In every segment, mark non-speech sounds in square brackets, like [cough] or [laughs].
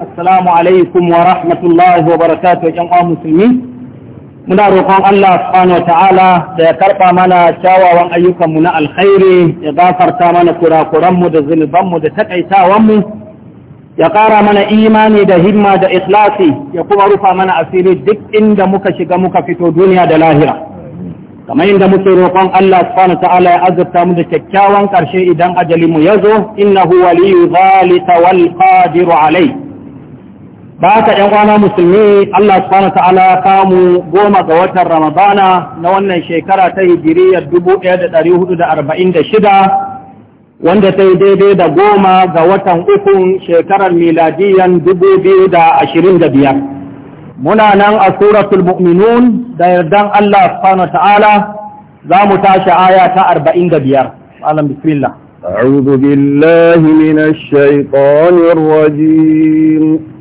Assalamu alaikum wa rahmatullahi wa barakatuh ‘yan musulmi, muna roƙon Allah subhanahu wa ta'ala da ya karɓa mana kyawawan ayyukanmu na alkhairi ya gafarta mana kurakuranmu da zunubanmu da takaitawanmu, ya ƙara mana imani da himma da ikhlasi ya kuma rufa mana asiri duk inda muka shiga muka fito duniya da lahira. Kamar inda muke roƙon Allah subhanahu wa ta'ala ya azurta mu da kyakkyawan ƙarshe idan ajalinmu ya zo, innahu waliyu zalika wal qadiru alai. ba ka ‘yan kwana musulmi Allah subhanahu ta'ala kamu goma ga watan Ramadana na wannan shekara ta hijiriyar 1446 wanda ta yi daidai da goma ga watan ukun shekarar miladiyan biyar. muna nan a suratul mu'minun da yardan Allah subhanahu ta'ala za mu tashi aya ta arba'in da biyar. alam bismillah أعوذ بالله من الشيطان الرجيم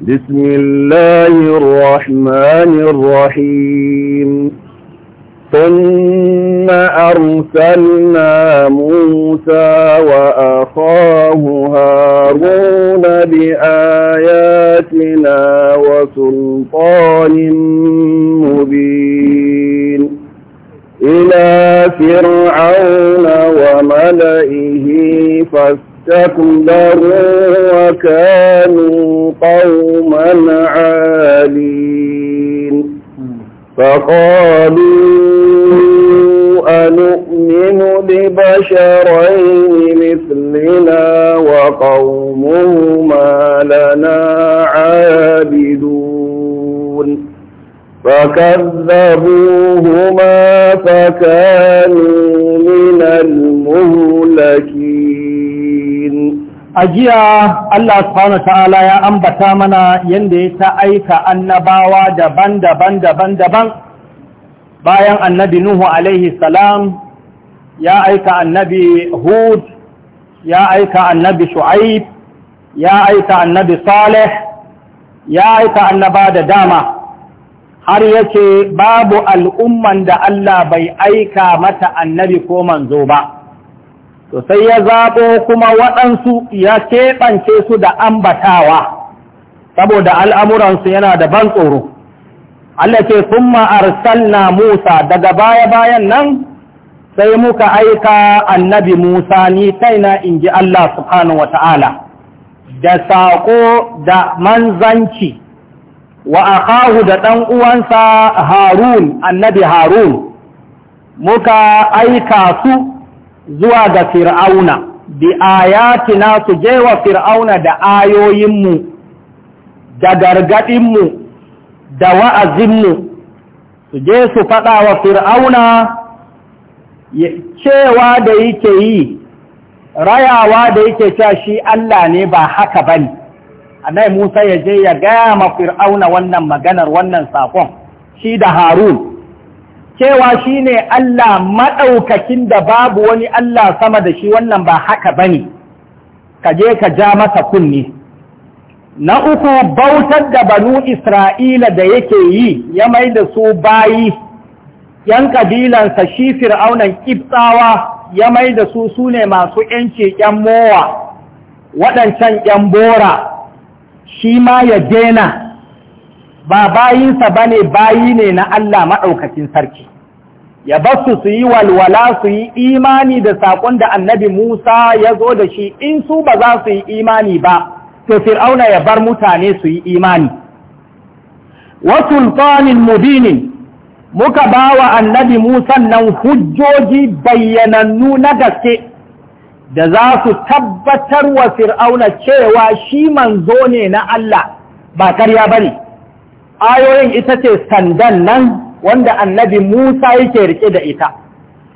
بسم الله الرحمن الرحيم ثم أرسلنا موسى وأخاه هارون بآياتنا وسلطان مبين إلى فرعون وملئه فاستقام استكبروا وكانوا قوما عالين فقالوا أنؤمن لبشرين مثلنا وقومهما لنا عابدون فكذبوهما فكانوا من المهلكين a jiya Allah subhanahu ta'ala ya ambata mana yanda ya ta aika annabawa daban-daban daban-daban bayan annabi Nuhu alaihi salam ya aika annabi Hud ya aika annabi Shu'aib ya aika annabi Salih ya aika annaba da dama har yake babu al'umman da Allah bai aika mata annabi ko manzo ba to sai ya zaɓo kuma waɗansu ya keɓance su da ambatawa saboda al'amuransu yana da ban tsoro Allah ce kuma arsalna Musa daga baya-bayan nan sai muka aika annabi Musa ni kaina in ji Allah subhanahu ta’ala da saƙo da manzanci wa akahu da ɗan uwansa Harun annabi Harun muka aika su zuwa ga fir'auna bi ayatina su je wa fir'auna da ayoyinmu da gargadinmu da wa'azinmu su je su faɗa wa fir'auna cewa da yake yi rayawa da yake cewa shi Allah ne ba haka ba ne annai musa ya je ya gaya ma fir'auna wannan maganar wannan sakon, shi da harun cewa ne Allah maɗaukakin da babu wani Allah sama da shi wannan ba haka ba ne, ka je ka ja masa kunni na uku bautar da banu Isra'ila da yake yi ya mai da su bayi ‘yan kabilansa shi fir'aunan ƙibtsawa ya mai da su su ne masu ‘yanci ‘yan mowa waɗancan ‘yan bora shi ma ya dena ba bayinsa ba ne bayi ne na Allah maɗaukacin sarki, ya basu su yi walwala su yi imani da saƙon da annabi Musa ya zo da shi in su ba za su yi imani ba, to fir'auna ya bar mutane su yi imani. Wa sultanin mubinin muka ba wa annabi Musa nan hujjoji bayyanannu na gaske da za su tabbatar wa fir'auna cewa shi manzo ne na Allah ba karya ba ne. ayoyin ita ce sandan nan wanda annabi Musa yake rike da ita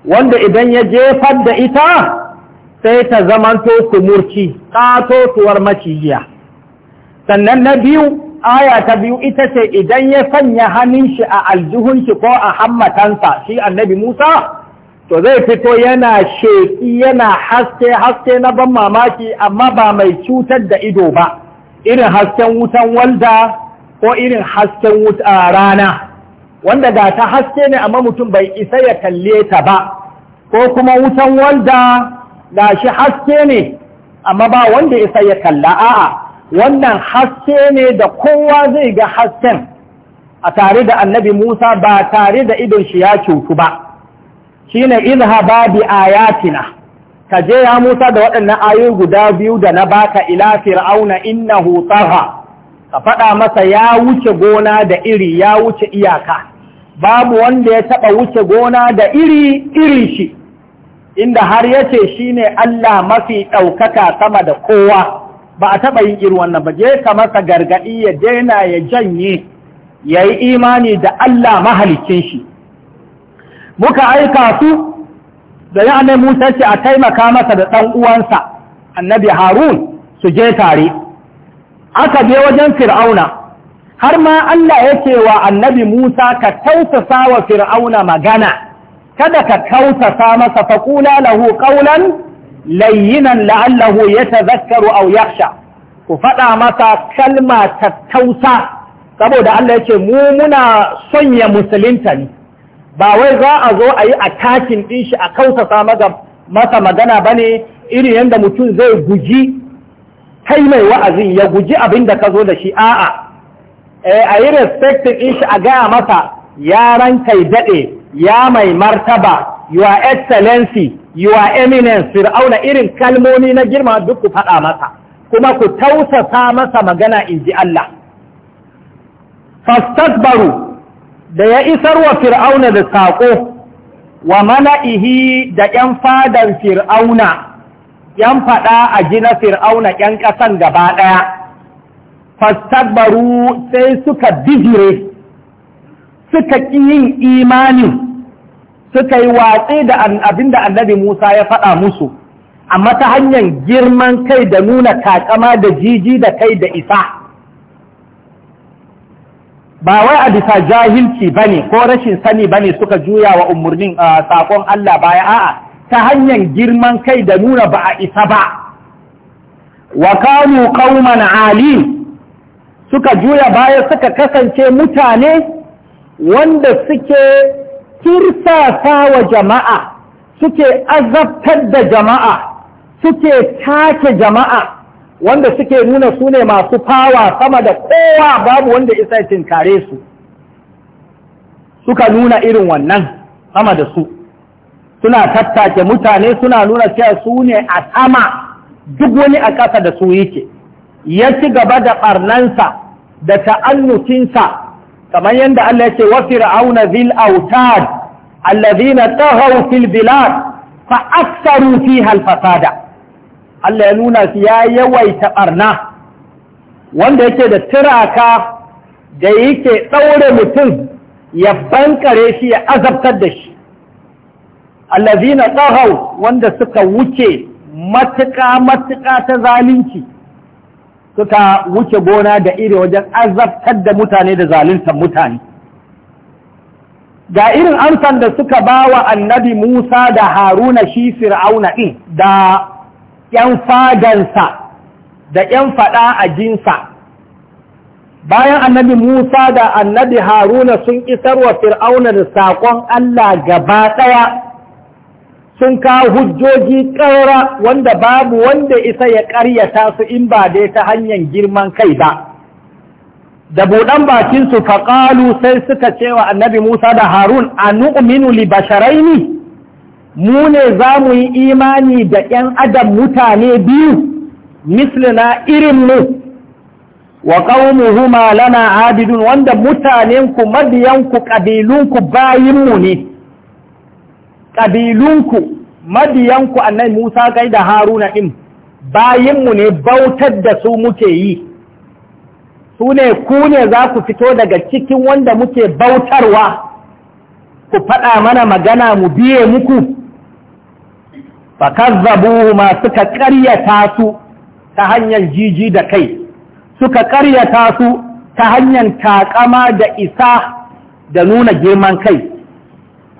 wanda idan ya jefar da ita sai ta zamanto kumurci ƙatotuwar macijiya sannan na biyu aya ta biyu ita ce idan ya sanya hannun shi a aljihun shi ko a hammatansa shi annabi Musa to zai fito yana sheƙi yana haske haske na ban mamaki amma ba mai cutar da ido ba irin hasken wutan walda ko irin hasken wuta rana wanda ga ta haske ne amma mutum bai isa ya kalle ta ba ko kuma wutan wanda ga shi haske ne amma ba wanda isa ya kalla a'a wannan haske ne da kowa zai ga hasken a tare da annabi Musa ba tare da idon shi ya cutu ba shine izhaba bi ayatina kaje ya Musa da waɗannan ayoyi guda biyu da na baka ila fir'auna innahu tagha ka faɗa masa ya wuce gona da iri ya wuce iyaka babu wanda ya taɓa wuce gona da iri iri shi inda har yace ce shi ne Allah mafi ɗaukaka sama da kowa ba a taɓa yin iri wannan ba je ka masa gargaɗi ya daina ya janye ya yi imani da Allah mahalicin shi muka aika su da ya ne Musa a taimaka masa da ɗan uwansa annabi Harun su je tare aka je wajen fir'auna har ma Allah ya ce wa annabi Musa ka tausasa wa fir'auna magana kada ka tausasa masa faƙula lahu ƙaunan layyinan la'allahu ya tazakkaru au yaksha ku faɗa masa kalma ta tausa saboda Allah ya ce mu muna sonya musulunta ne ba wai za a zo a yi a takin ɗin shi a kausasa masa magana ba ne irin yadda mutum zai guji kai mai wa'azi ya guji abin da ka zo da shi a'a eh, a yi respectin in shi a gaya masa yaran kai daɗe ya mai martaba your excellency your eminence fir'auna irin kalmomi na girma duk ku faɗa masa kuma ku tausasa masa magana in ji Allah fastakbaru da ya isar wa fir'auna da saƙo wa mana'ihi da ‘yan fadan fir'auna’ yan faɗa a gina fir'auna yan ƙasan gaba ɗaya fastakbaru sai suka bijire suka ƙi yin imani suka yi watsi da abin da annabi Musa ya faɗa musu amma ta hanyar girman kai da nuna takama da jiji da kai da isa ba wai a bisa jahilci ba ne ko rashin sani ba ne suka juya wa umarnin saƙon Allah baya a'a ta hanyar girman kai da nuna ba a isa ba wa kanu qauman ali suka juya baya suka kasance mutane wanda suke kirsasa wa jama'a suke azabtar da jama'a suke take jama'a wanda suke nuna su ne masu fawa sama da kowa babu wanda isa ya tinkare su suka nuna irin wannan sama da su suna tattake mutane suna nuna cewa su ne a sama duk wani a ƙasa da su yake ya ci gaba da ɓarnansa da ta'annukinsa kamar yadda Allah ya ce wa fir'auna zil autad allazina taghaw fil bilad fa aktharu fiha al fasada Allah ya nuna su ya yawaita ɓarna wanda yake da tiraka da yake ɗaure mutum ya bankare shi ya azabtar da shi allazina tsahau wanda suka wuce matuƙa matuƙa ta zalunci suka wuce gona da iri wajen azabtar da mutane da zaluntar mutane ga irin amsan da suka ba wa annabi Musa da Haruna shi Fir'auna ɗin da ‘yan fadansa da ‘yan faɗa a jinsa. Bayan annabi Musa da annabi Haruna sun isar wa Fir'auna da saƙon Allah gaba ɗaya sun kawo hujjoji ƙaura wanda babu wanda isa ya ƙaryata su in ba dai ta hanyar girman kai ba da buɗan bakinsu faƙalu sai suka ce wa annabi musa da harun a nu'minu li basharaini mu ne za mu yi imani da ‘yan adam mutane biyu mislina irinmu wa ƙaunuhu lana abidun wanda mutanenku mabiyanku ƙabilunku bayinmu ne’ ƙabilunku mabiyanku annai Musa kai da Haruna in bayinmu ne bautar da su muke yi su ne ku ne za ku fito daga cikin wanda muke bautarwa ku faɗa mana magana mu biye muku Ba fakazzabu masu suka ƙaryata su ta hanyar jiji da kai suka ƙaryata su ta hanyar taƙama da isa da nuna girman kai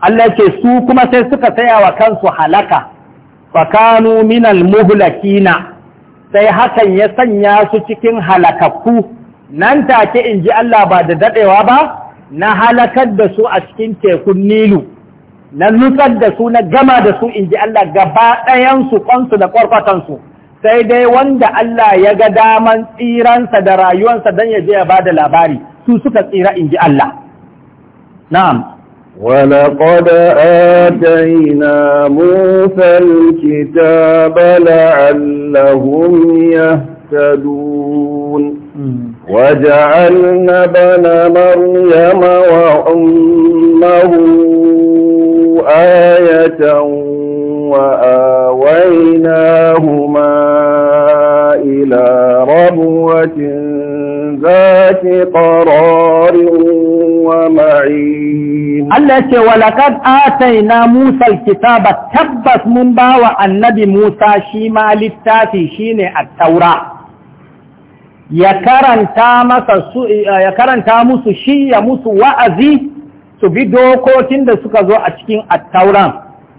Allah ce su kuma sai suka saya wa kansu halaka fakanu minal muhulakina, sai hakan ya sanya su cikin halakakku nan take in ji Allah ba da daɗewa ba na halakar da su a cikin tekun Nilu na nutsar da su na gama da su in ji Allah gaba ɗayansu kwansu da kwarkwatansu sai dai wanda Allah ya ga daman tsiransa da rayuwansa don ya je ya ba da labari su suka tsira in ji Allah na'am ولقد آتينا موسى الكتاب لعلهم يهتدون وجعلنا بن مريم وأمه آية وآويناهما إلى ربوة ذات قرار ومعين Allah ya ce walakad ataina Musa alkitaba tabbas mun bawa annabi Musa shi ma littafi shine at-taura ya karanta masa su ya karanta musu shi ya musu wa'azi su bi dokokin da suka zo a cikin at-tauran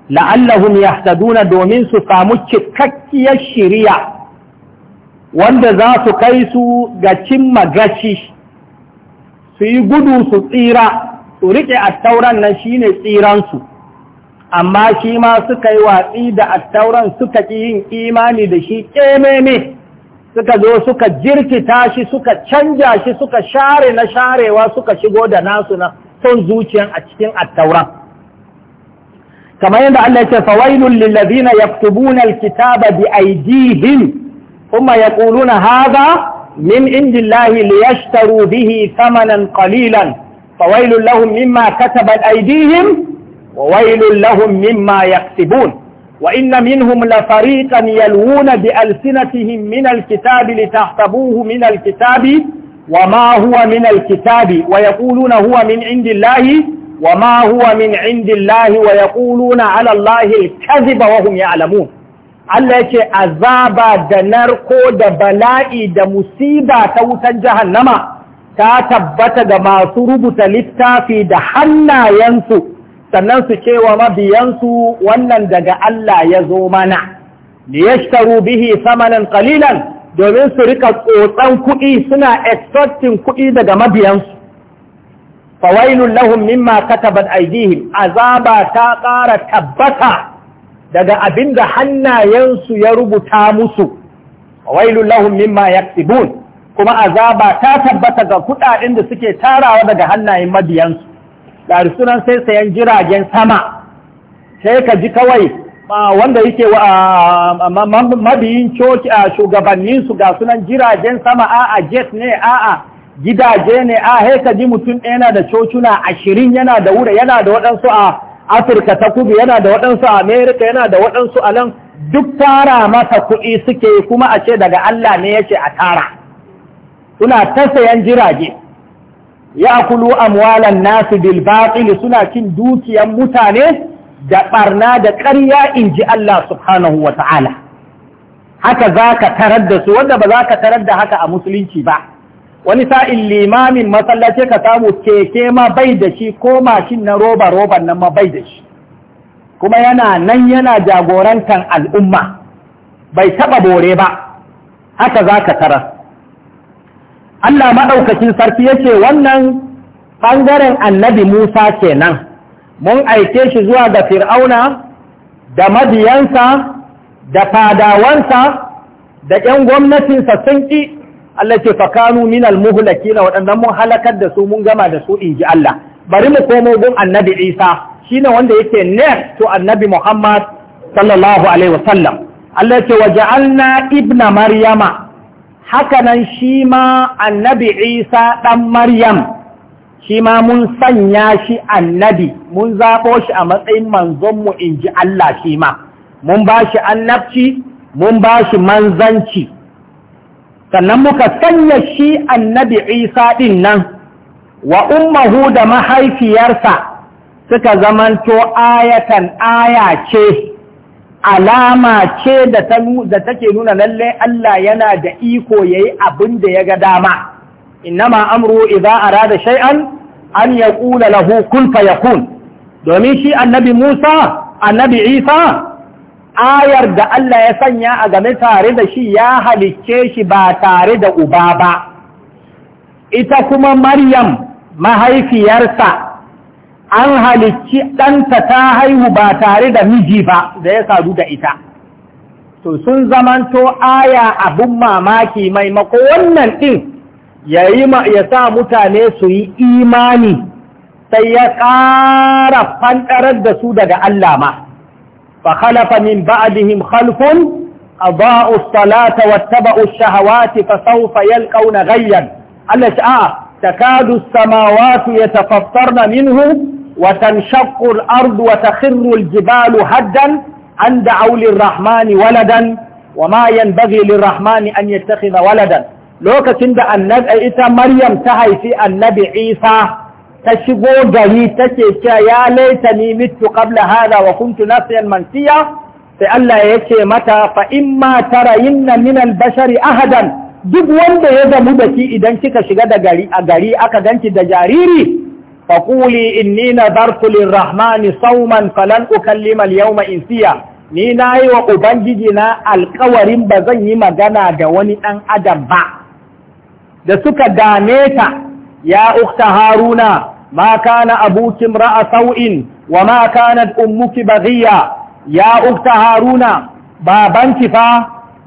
la'allahum yahtaduna domin su samu cikakkiyar shiriya wanda za su kai su ga cimma gashi su yi gudu su tsira to rike attauran nan shine tsiransu amma shi ma suka yi watsi da attauran suka ƙi yin imani da shi kememe suka zo suka jirkita shi suka canja shi suka share na sharewa suka shigo da nasu na son zuciyan a cikin attauran kamar yadda Allah ya ce fawailul lil ladina yaktubuna alkitaba bi aydihim kuma yaquluna haza, min indillahi liyashtaru bihi samanan qalilan فويل لهم مما كتبت أيديهم وويل لهم مما يكسبون وإن منهم لفريقا يلوون بألسنتهم من الكتاب لتحسبوه من الكتاب وما هو من الكتاب ويقولون هو من عند الله وما هو من عند الله ويقولون على الله الكذب وهم يعلمون Allah ya ce azaba da narko da bala'i da musiba ta wutan jahannama ta tabbata ga masu rubuta littafi da hannayensu sannan su cewa wa mabiyansu wannan daga Allah ya zo mana liyashtaru bihi samanan qalilan domin su rika tsotsan kuɗi suna extorting kuɗi daga mabiyansu fawailun lahum mimma katabat aydihim azaba ta ƙara tabbata daga abinda hannayensu ya rubuta musu fawailun lahum mimma yaktubun kuma azaba ta tabbata ga kuɗaɗen da suke tarawa daga hannayen mabiyansu ɗari sunan sai sayan jiragen sama sai ka ji kawai wanda yake mabiyin coci a shugabanninsu ga sunan jiragen sama a'a jet ne a gidaje ne a haika ji mutum ɗaya da cocuna ashirin yana da wura yana da waɗansu a afirka ta kudu yana da waɗansu a amerika yana da waɗansu a nan duk tara masa kuɗi suke kuma a ce daga allah ne ya ce a tara suna ta sayan jirage ya kulu amwalan nasu bil suna cin dukiyan mutane da ɓarna da ƙarya in ji Allah subhanahu wa ta'ala haka za ka tarar da su wanda ba za ka tarar da haka a musulunci ba wani sa'in limamin masallacin ka samu keke ma bai da shi ko mashin na roba roban nan ma bai da shi kuma yana nan yana jagorantar al'umma bai taɓa bore ba haka za ka tarar Allah maɗaukacin sarki yace wannan ɓangaren annabi Musa kenan mun aike shi zuwa ga fir'auna da mabiyansa da fadawansa da 'yan gwamnatinsa sun ƙi Allah ce fakanu min muhulaki na waɗannan mun halakar da su mun gama da su in ji Allah bari mu komo gun annabi Isa shi shine wanda yake next to annabi Muhammad sallallahu alaihi wasallam Allah ce wa ja'alna ibna maryama hakanan shi ma annabi isa ɗan maryam shi ma mun sanya shi annabi mun zaɓo shi a matsayin manzonmu in ji Allah shi ma mun ba shi annabci mun ba shi manzanci sannan muka sanya shi annabi isa ɗin nan wa ummahu da mahaifiyarsa suka zamanto ayatan aya ce alama ce da take nuna lalle Allah yana da iko yayi abin da ya ga dama innama amru idza arada shay'an an ƙula lahu kun fayakun domin shi annabi Musa annabi Isa ayar da Allah ya sanya a game tare da shi ya halicce shi ba tare da uba ba ita kuma Maryam mahaifiyarsa an halicci ɗanta ta haihu ba tare da miji ba da ya sadu da ita to sun zamanto aya abin mamaki maimako wannan ɗin ya sa mutane su yi imani sai ya ƙara fanɗarar da su daga Allah ma fa khalafa min ba'dihim khalfun أضاءوا الصلاة واتبعوا الشهوات فسوف يلقون غيا التي آه تكاد السماوات yatafattarna minhu وتنشق الأرض وتخر الجبال هدا عن دعو للرحمن ولدا وما ينبغي للرحمن أن يتخذ ولدا لوك تند النب... إيه، إتا مريم تهي في النبي عيسى تشبو جري تشيك يا ليتني مت قبل هذا وكنت نفيا منسيا فألا يشي متى فإما ترين من البشر أهدا duk wanda ya مبتي إذا ki idan kika shiga انت دجاريري faƙuli in ni na zartulin rahmani sauman falan ukallimal yau siya. ni na yi wa ubangiji na alkawarin ba zan yi magana da wani ɗan adam ba da suka dame ta ya ukta haruna ma kana abokin ra'a sau'in wa ma kanat ummuki baghiya ya ukta haruna babanki fa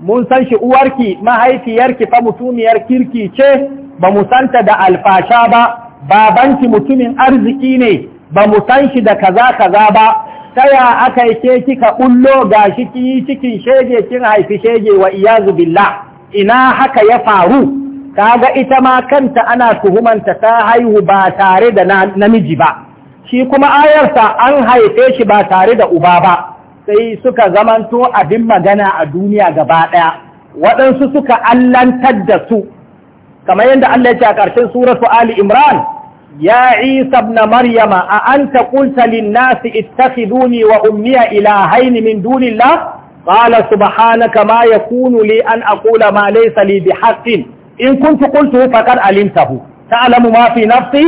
mun san shi uwarki mahaifiyarki fa mutumiyar kirki ce ba mu santa da alfasha ba babanki mutumin arziki ne ba mu san shi da kaza kaza ba taya aka yi ke kika bullo ga shi kiyi cikin shege kin haifi shege wa iyazu billah ina haka ya faru ga ita ma kanta ana tuhumanta ta haihu ba tare da namiji ba shi kuma ayarsa an haife shi ba tare da uba ba sai suka zamanto abin magana a duniya gaba ɗaya waɗansu suka allantar da su kamar yadda Allah ya ce a ƙarshen suratu Ali Imran ya isa ibn maryama a anta qulta lin nasi ittakhiduni wa ummiya ilahaini min dunillah qala subhanaka ma yakunu li an aqula ma laysa li bihaqqin in kuntu qultuhu faqad alimtahu ta'lamu ma fi nafsi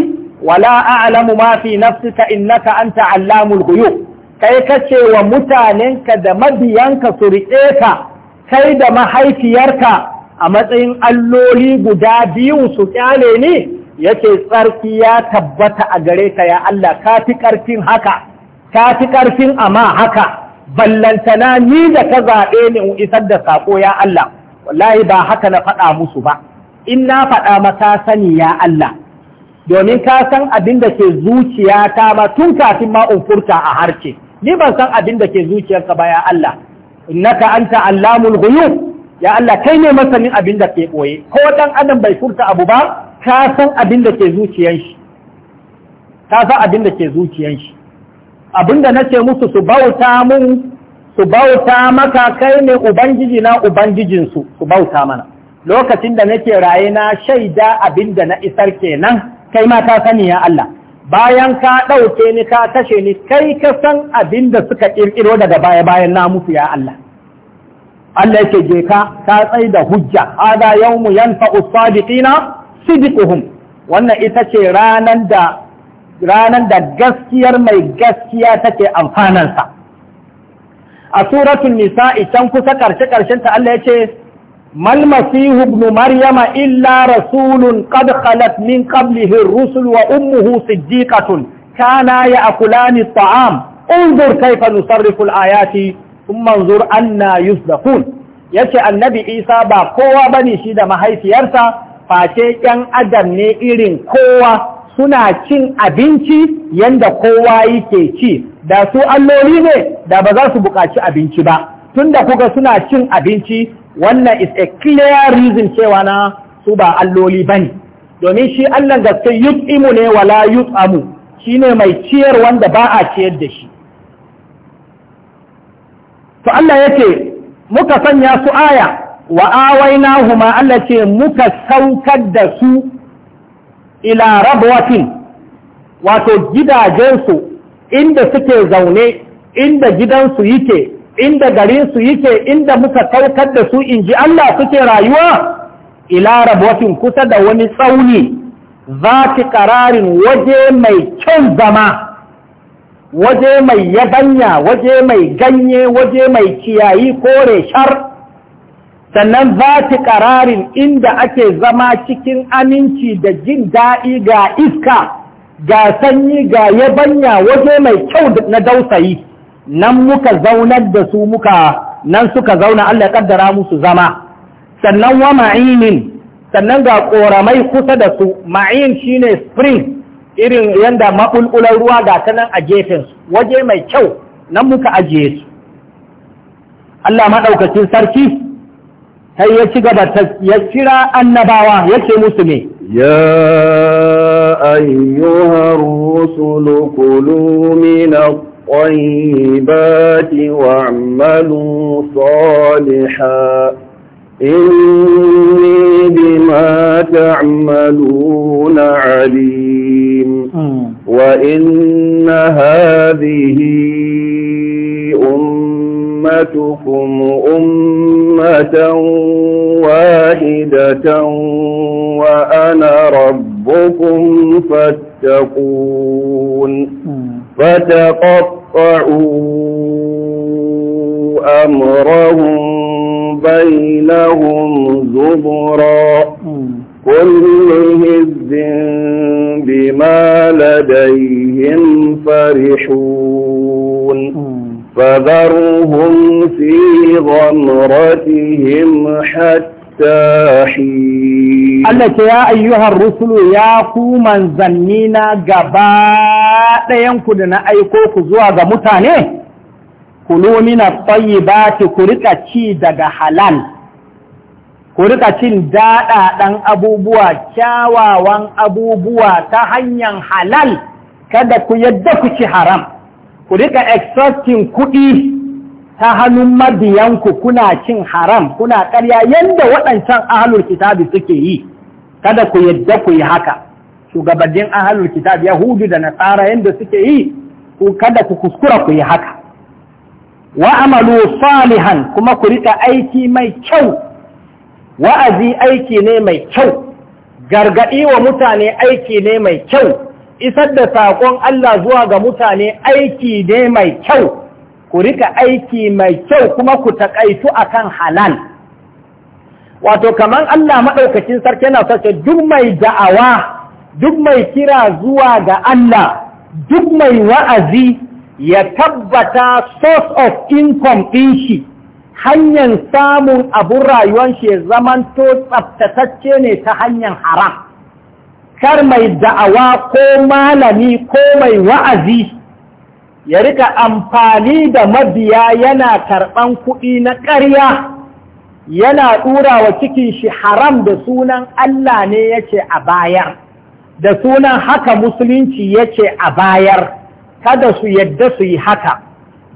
wa la a'lamu ma fi nafsika innaka anta 'allamul ghuyub kai kace wa mutanenka da mabiyanka su riƙe ka kai da mahaifiyarka a matsayin alloli guda biyu su kyale ne yake tsarki ya tabbata a gare ka ya Allah ka fi ƙarfin haka ka fi ƙarfin amma haka ballantana ni da ka zaɓe ni in isar da saƙo ya Allah wallahi ba haka na faɗa musu ba in na faɗa maka sani ya Allah domin ka san abin da ke zuciya ta ma tun kafin ma in furta a harce ni ban san abin da ke zuciyarka ba ya Allah innaka anta allamul ghuyub ya Allah kai ne masanin abin da ke ɓoye ko dan adam bai furta abu ba ka san abin da ke zuciyan shi ka san abin da ke zuciyan abin da nace musu su bauta mun su bauta maka kai ne ubangiji na ubangijinsu su bauta mana lokacin da nake raye na shaida abin da na isar kenan kai ma ka sani ya Allah bayan ka ɗauke ni ka kashe ni kai ka san abin da suka ƙirƙiro daga baya bayan na musu ya Allah Allah yake je ka ka tsai da hujja hada yawmu yanfa'u sadiqina sidquhum wannan ita ce ranar da ranar da gaskiyar mai gaskiya take amfanansa a suratul nisa'i can kusa karshe karshen ta Allah yace mal masihu ibn maryama illa rasulun qad khalat min qablihi ar-rusul wa ummuhu siddiqatun kana ya'kulani at-ta'am انظر كيف نصرف الآيات ثم انظر أنا يصدقون yace annabi isa ba kowa bane shi da mahaifiyarsa face ƴan adam ne irin kowa suna cin abinci yanda kowa yake ci da su alloli ne da ba za su buƙaci abinci ba tunda kuka suna cin abinci wannan is a clear reason cewa na su ba alloli ba ne. domin shi Allah gaske yut-imu ne wala shi ne mai ciyar wanda ba a ciyar da shi to Allah yake muka sanya su aya wa huma Allah ce muka saukar da su ila rabwatin wato gidajensu inda suke zaune inda gidansu yake inda garinsu yake inda muka saukar da su inji Allah suke rayuwa ila rabwatin kusa da wani tsauni za ki kararin waje mai kyan zama waje mai yabanya waje mai ganye waje mai kiyayi kore shar sannan za ta ƙararin inda ake zama cikin aminci da jin daɗi ga iska ga sanyi ga yabanya waje mai kyau na dausayi nan muka zaunar da su muka nan suka zauna Allah kaddara musu zama sannan wa ma'inin sannan ga ƙoramai kusa da su ma'in shine spring irin yanda maɓulɓular ruwa ga ta a gefen waje mai kyau nan muka ajiye su Allah maɗaukacin sarki sai ya ci gaba ya kira annabawa ya ce musu ne ya ayyuhar rusulu kulu min الطيبات واعملوا صالحا إني بما تعملون عليم وإن هذه أمتكم أمة واحدة وأنا ربكم فاتقون فتقطعوا أمرهم بينهم زبرا كل هز بما لديهم فرحون فذرهم في غمرتهم حتى حين الله يا أيها الرسل يا قوما زنينا قباء ينكدنا أيكوك زواغ متاني كلوا من الطيبات كريكا تشيدا حلال ku rika cin ɗan abubuwa kyawawan abubuwa ta hanyar halal kada ku yadda ku ci haram ku rika extracting kuɗi ta hannun mabiyanku kuna cin haram kuna ƙarya yadda waɗancan ahalur kitabi suke yi kada ku yadda ku yi haka shugabannin ahalul kitab yahudu da nasara yadda suke yi ku kada ku kuskura ku yi haka wa amalu salihan kuma ku rika aiki mai kyau wa'azi aiki ne mai kyau gargaɗi wa mutane aiki ne mai kyau isar da saƙon Allah zuwa ga mutane aiki ne mai kyau ku rika aiki mai kyau kuma ku taƙaitu akan halal wato kamar Allah maɗaukacin sarki yana sace duk mai da'awa duk mai kira zuwa ga Allah duk mai wa'azi ya tabbata source of income ɗin shi hanyar samun abin rayuwan shi zamanto tsaftatacce ne ta hanyar haram kar mai da'awa ko malami ko mai wa'azi ya rika amfani da mabiya yana karɓan kuɗi na ƙarya yana ɗura wa cikin shi haram da sunan Allah ne yace a bayar da sunan haka musulunci yace a bayar kada su yadda su yi haka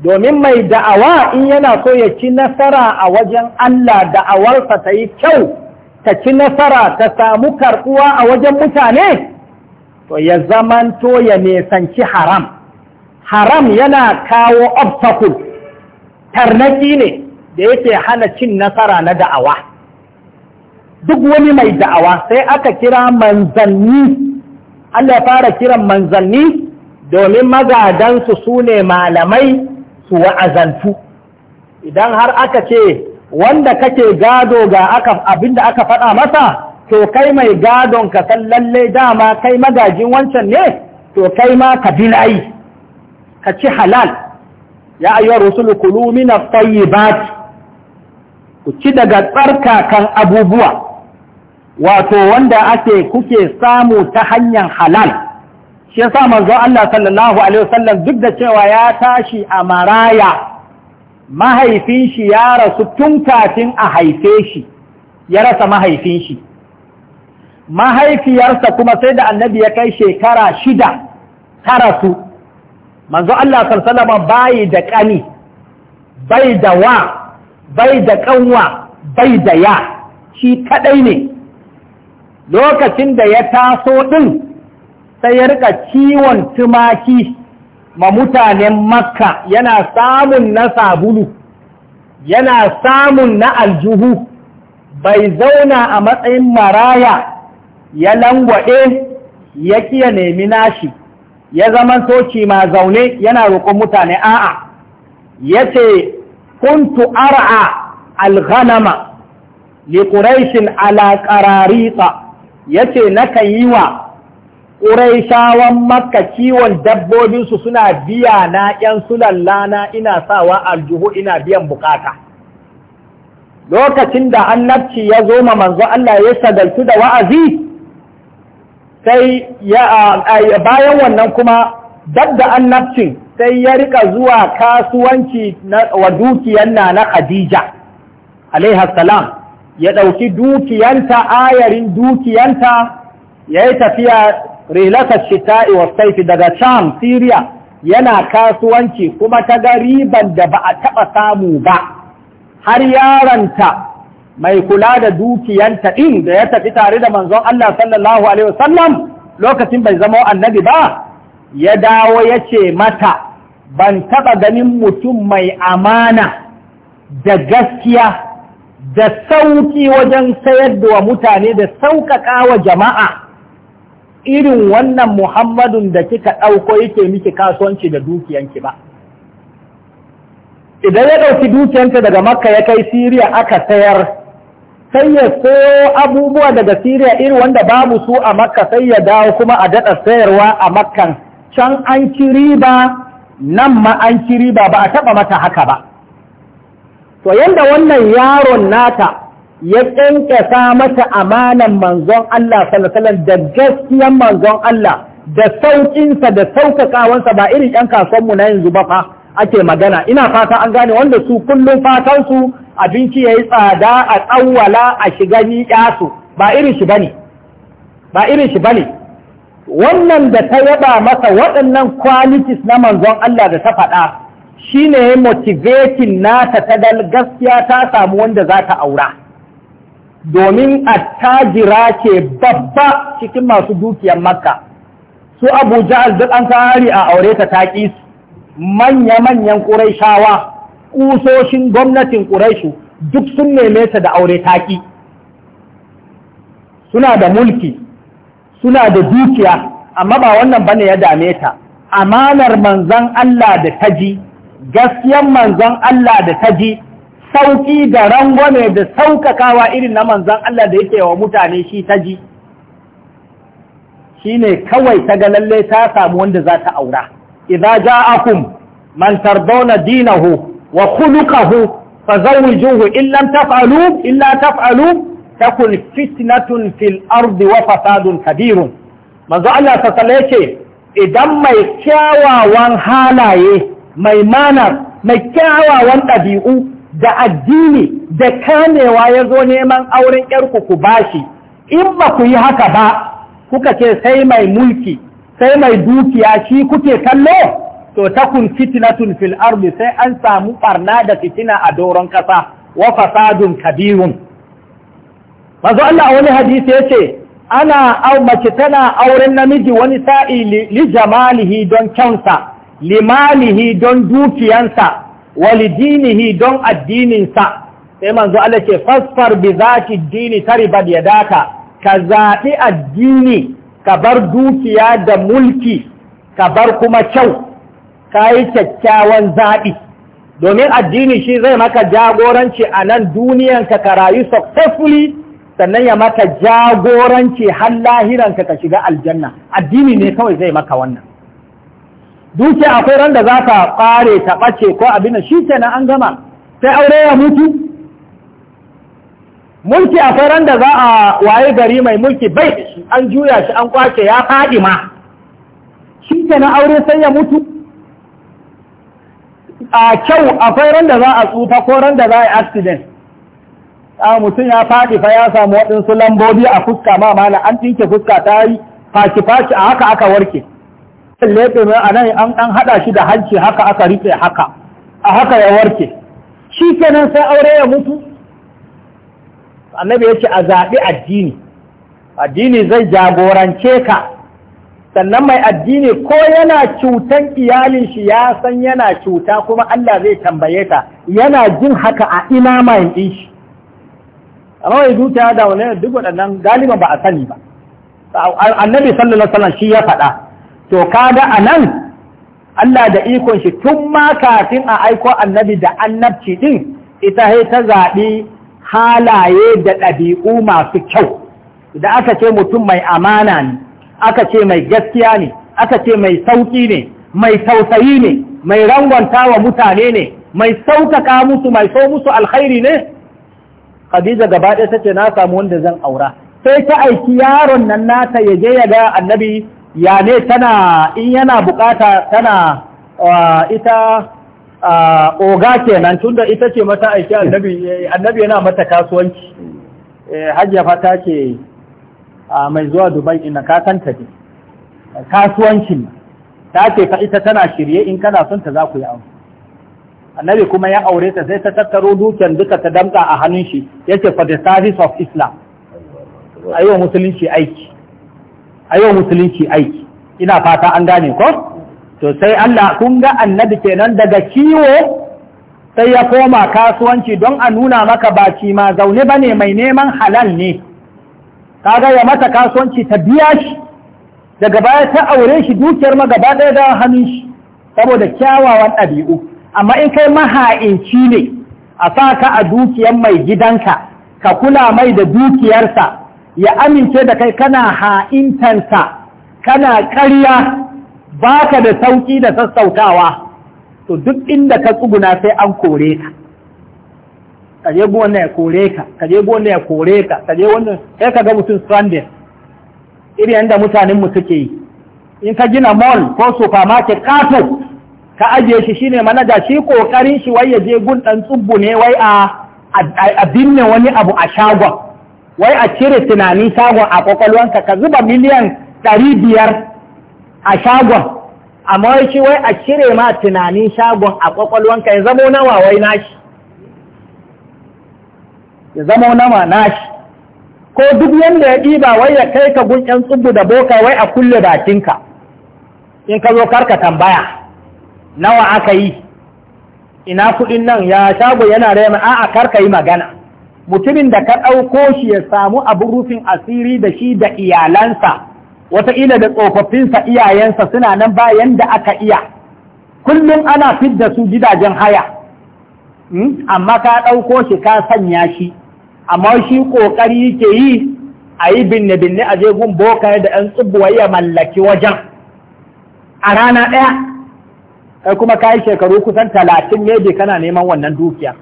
domin mai da'awa in yana so ya ci nasara a wajen Allah da'awarsa ta yi kyau ta ci nasara ta samu karɓuwa a wajen mutane to ya zamanto ya nesanci haram haram yana kawo obstacle tarnaki ne da yake hana cin nasara na da'awa duk wani mai da'awa sai aka kira manzanni Allah ya fara kiran manzanni domin magadansu su ne malamai su wa'azantu idan har aka ce wanda kake gado ga aka abinda aka faɗa masa to kai mai gadon ka san lalle dama kai magajin wancan ne to kai ma ka bi ai ka ci halal ya ayyuhar rusulu kulu min at-tayyibat ku ci daga tsarka kan abubuwa wato wanda ake kuke samu ta hanyar halal shi yasa manzo Allah sallallahu alaihi wasallam duk da cewa ya tashi a maraya mahaifin shi ya rasu tun kafin a haife shi ya rasa mahaifin shi mahaifiyarsa kuma sai da annabi ya kai shekara shida ta rasu manzo Allah sallama bai da ƙani bai da wa bai da ƙanwa bai da ya shi kaɗai ne lokacin da ya taso ɗin sai ya rika ciwon tumaki ma mutanen makka yana samun na sabulu yana samun na aljuhu bai zauna a matsayin maraya ya langwaɗe ya kiya nemi nashi ya zama soci ma zaune yana roƙon mutane a'a ya ce kuntu ar'a alghanama li quraishin ala Ya yace naka yi wa ƙuraishawan makka kiwon dabbobinsu suna biya na ‘yan sulallana ina sawa aljuhu ina biyan bukata lokacin da annabci ya zo ma manzo Allah ya shagaltu da wa'azi sai bayan wannan kuma dab da annabcin sai ya rika zuwa kasuwanci wa dukiyar na na Khadija alaihassalam ya ɗauki dukiyanta ayarin dukiyanta ya yi tafiya rilatar shita'i wa saifi daga sham syria yana kasuwanci kuma ta ga riban da ba a taɓa samu ba har yaranta mai kula da dukiyanta ɗin da ya tafi tare da manzon Allah sallallahu alaihi wasallam lokacin bai zama annabi ba ya dawo ya ce mata ban taɓa ganin mutum mai amana da gaskiya da sauƙi wajen sayar da wa mutane da sauƙaƙa wa jama'a irin wannan Muhammadun da kika ɗauko yake miki kasuwanci da dukiyanki ba. Idan ya ɗauki dukiyanta daga Makka ya kai Siriya aka sayar, sai ya so abubuwa daga Siriya irin wanda babu su a Makka sai ya dawo kuma a daɗa sayarwa a Makkan. Can an ci riba, nan ma an ci riba ba a taɓa mata haka ba. To yanda wannan yaron nata ya ƙinƙasa mata amanan manzon Allah sallallahu da gaskiyan manzon Allah da sauƙinsa da sauƙaƙawansa ba irin ‘yan kasuwanmu na yanzu ba fa ake magana ina fata an gane wanda su kullum fatansu abinci ya yi tsada a tsawwala a shiga ƙyasu ba irin shi bane ba irin shi bane wannan da ta yaba masa waɗannan kwalitis na manzon Allah da ta faɗa shine motivating nata ta dal gaskiya ta samu wanda za ta aura domin attajira ce babba cikin masu dukiyar makka su abu duk an tsari a aure ta taƙi su manya-manyan ƙuraishawa ƙusoshin gwamnatin ƙuraishu duk sun neme ta da aure taƙi suna da mulki suna da dukiya amma ba wannan bane ya dame ta amanar manzan Allah da taji gaskiyan manzan Allah da taji sauki da rangwame da saukakawa irin na manzan Allah da yake wa mutane shi ta ji shi ne kawai ta ga lalle ta samu wanda za ta aura idza ja'akum man tardawna dinahu wa khuluquhu fazawwijuhu in lam taf'alu illa taf'alu takun fitnatun fil ardi wa fasadun kabirun manzo Allah ta ce idan mai kyawawan halaye mai mana mai kyawawan ɗabi'u da addini da kamewa ya zo neman auren ƴarku ku bashi, in ba ku yi haka ba, kuka ce sai mai mulki, sai mai dukiya shi kuke kallo, to takun fitinatun fil ardi sai an samu ɓarna da fitina a doron ƙasa, wa fasadun kabirun. Mazu Allah wani hadisi ya ce, ana au mace tana auren namiji wani sa'i li, li jamalihi don kyansa, limalihi don dukiyansa, walidinihi don addininsa sai manzo Allah ce fasfar bi zati dini taribad yadaka ka zaɓi addini ka bar dukiya da mulki ka bar kuma kyau ka yi kyakkyawan zaɓi domin addini shi zai maka jagoranci a nan duniyanka ka rayu successfully sannan ya maka jagoranci har lahiranka ka shiga aljanna addini ne kawai zai maka wannan duke akwai ran da za ta ƙare ta ɓace ko abin shi nan an gama sai aure ya mutu mulki akwai ran da za a waye gari mai mulki bai shi an juya shi an kwace ya faɗi ma shi nan aure sai ya mutu a kyau akwai ran da za a tsufa ko ran da za a yi accident a mutum ya faɗi fa ya samu waɗansu lambobi a fuska ma mana an tinke fuska ta yi faci-faci a haka aka warke leɓe mai anan an an haɗa shi da hanci haka aka rufe haka a haka ya warke shi kenan sai aure ya mutu annabi ya ce a zaɓi addini addini zai jagorance ka sannan mai addini ko yana cutan iyalin shi ya san yana cuta kuma Allah zai tambaye ta yana jin haka a ina mai ɗin shi amma wai zuciya da wani duk waɗannan galiba ba a sani ba annabi sallallahu alaihi wasallam shi ya faɗa to a nan Allah da ikon shi tun ma kafin a aiko annabi da annabci din ita ta zaɓi halaye da ɗabi'u masu kyau da aka ce mutum mai amana ne aka ce mai gaskiya ne aka ce mai sauƙi ne mai tausayi ne mai rangwanta wa mutane ne mai sauƙaƙa musu mai so musu alkhairi ne Khadija gaba ɗaya ta ce na samu wanda zan aura sai ta aiki yaron nan nata ya je ya ga annabi ya ne tana in yana bukata tana uh, ita uh, oga kenan tunda ita ce mata aiki annabi yana mata kasuwanci eh, hajjia fata ce mai zuwa dubai ina ka kanta ne kasuwancin ta ce fa ita tana shirye in kana son ta za ku yi aure annabi kuma ya aure ta sai ta tattaro dukiyar duka ta damka a hannun shi yace for the service of islam A yiwa musulunci aiki a yau musulunci aiki ina fata an gane ko to sai Allah kun ga annabi kenan daga kiwo sai ya koma kasuwanci don a nuna maka ba ma zaune bane mai neman halal ne kaga gaya mata kasuwanci ta biya shi daga baya ta aure shi dukiyar ma gaba ɗaya da hannun shi saboda kyawawan ɗabi'u amma in kai maha'inci ne a sa ka a dukiyar mai gidanka ka kula mai da dukiyarsa ya amince da kai kana ha'intansa kana ƙarya ka da sauƙi da sassautawa to duk inda ka tsuguna sai an kore ka kaje gona ya kore ka kaje gona ya kore ka kaje wannan sai ka ga mutum stranded irin yadda mutanen suke yi in ka gina mall ko supermarket kato ka ajiye shi shine manaja shi kokarin shi wai ya je gun dan tsubbu ne wai a a binne wani abu a shagon wai a cire tunani shagon a kwakwalwanka ka zuba miliyan ɗari biyar a shagon amma wai shi wai a cire ma tunanin shagon a kwakwalwanka ya zamo nawa wai nashi ya zamo nawa nashi ko duk yadda ya ɗiba wai ya kai ka gun ƴan tsubu da boka wai a kulle bakinka in ka zo karka tambaya nawa aka yi ina kuɗin nan ya shago yana rema a'a karka yi magana mutumin da ka ɗauko shi ya samu abin rufin asiri da shi da iyalansa wataƙila da tsofaffinsa iyayensa suna nan bayan da aka iya kullum ana fidda su gidajen haya hmm? amma ka ɗauko shi ka sanya shi amma shi ƙoƙari ke yi a yi binne-binne a jegun boka da ‘yan tsubuwa ya mallaki wajen a rana ɗaya kai kuma ka yi shekaru kusan talatin ne kana neman wannan dukiya.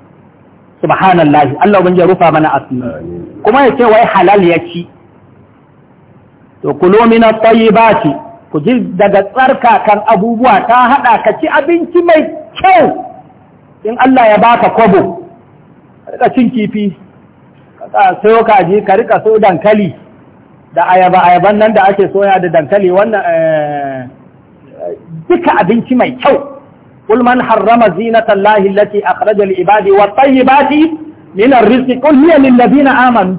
subhanallahi Allah ubangiji rufa mana asiri kuma ya ce wai halal ya ci to kulo min at-tayyibati ku ji daga tsarka kan abubuwa ta hada ka ci abinci mai kyau in Allah ya baka kwabo ka cin kifi ka sayo kaji ka rika so dankali da ayaba ayaban nan da ake soya da dankali wannan eh, duka abinci mai kyau قل من حرم زينة الله التي أخرج العباد والطيبات من الرزق قل هي للذين آمنوا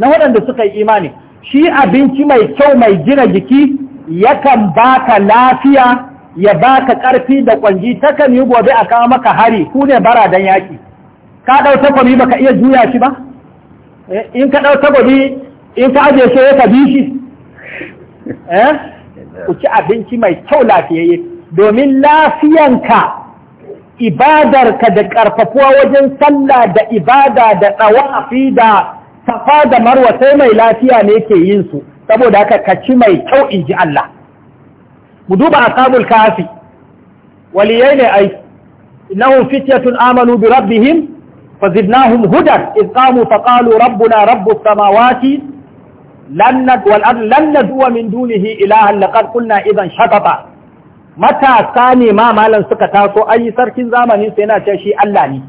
نوعا دسك إيماني shi abinci mai kyau mai gina jiki yakan baka lafiya ya baka ƙarfi da kwanji takan yi gobe a kawo maka hari ku bara dan yaki ka ɗau takobi baka iya juya shi ba in ka ɗau takobi in ka ajiye shi ya bi shi ku ci abinci mai kyau lafiyayye domin lafiyanka ibadarka da ƙarfafuwa wajen sallah da ibada da ɗawafi da safa da marwa sai mai lafiya ne ke yin su saboda haka ka ci mai kyau in ji Allah mu duba ashabul kafi waliyai ne ai innahum fityatun amanu bi rabbihim فزدناهم هدى إذ قاموا فقالوا ربنا رب السماوات لن ندعو من دونه إلها لقد قلنا إذا شططا matasa ne ma malam suka taso an yi sarkin zamanin sai yana ce shi Allah ne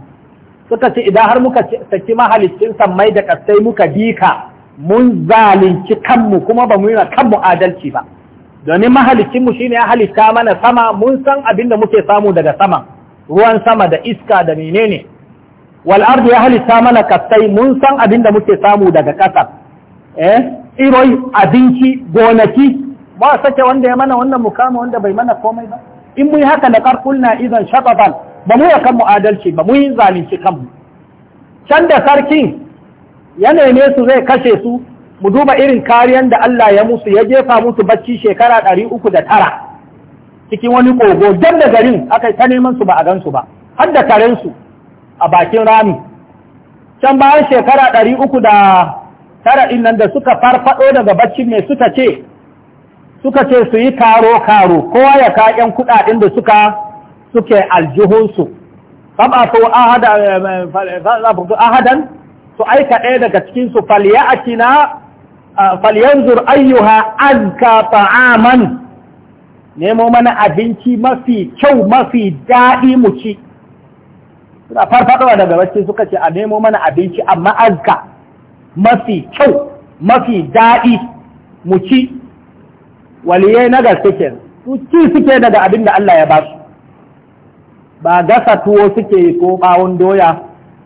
suka ce idan har muka saki mahalicin sammai da kastai muka dika mun zalunci kanmu kuma ba mu yi kanmu adalci ba domin mahalicinmu shine ya halitta mana sama mun san abin da muke samu daga sama ruwan sama da iska da menene wal ya halitta mana kastai mun san abin da muke samu daga ƙasa eh iroi abinci gonaki ba a sake wanda ya mana wannan mukama wanda bai mana komai ba in mun haka da na izan idan ba mu kan mu adalci ba mu yi zalunci mu can da sarkin ya neme su zai kashe su mu duba irin kariyar da Allah ya musu ya jefa musu bacci shekara ɗari uku da tara cikin wani kogo don da garin aka yi ta neman su ba a gansu ba har da karen su a bakin rami can bayan shekara ɗari uku da tara nan da suka farfaɗo daga bacci mai suka ce suka ce su yi karo-karo kowa ya kayan kuɗaɗen da suka suke aljihunsu fabatu ahadan su aika ɗaya daga cikinsu faliya'atina zur ayyuha azka ta'aman nemo mana abinci mafi kyau mafi daɗi mu ci suna farfaɗowa daga wacce suka ce a nemo mana abinci amma azka mafi kyau mafi daɗi mu ci waliyai na gaske ke su ci suke daga abin da Allah ya ba su ba gasa tuwo suke yi ko bawon doya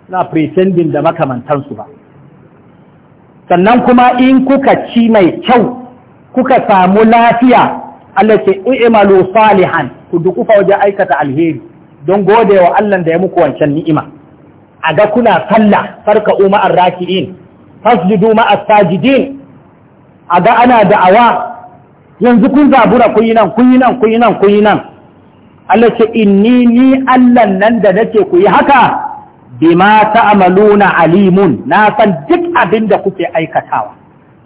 na pretending da makamantansu ba sannan kuma in kuka ci mai kyau kuka samu lafiya Allah ce i'malu salihan ku dukufa waje aikata alheri don gode wa Allah da ya muku wancan ni'ima a ga kuna sallah farka umar raki'in fasjudu ma'as sajidin a ga ana da'awa yanzu kun zabura kun yi nan kun yi nan kun yi nan kun yi nan Allah ce inni ni Allah nan da nake ku yi haka bima ta'maluna alimun na san duk abin da kuke aikatawa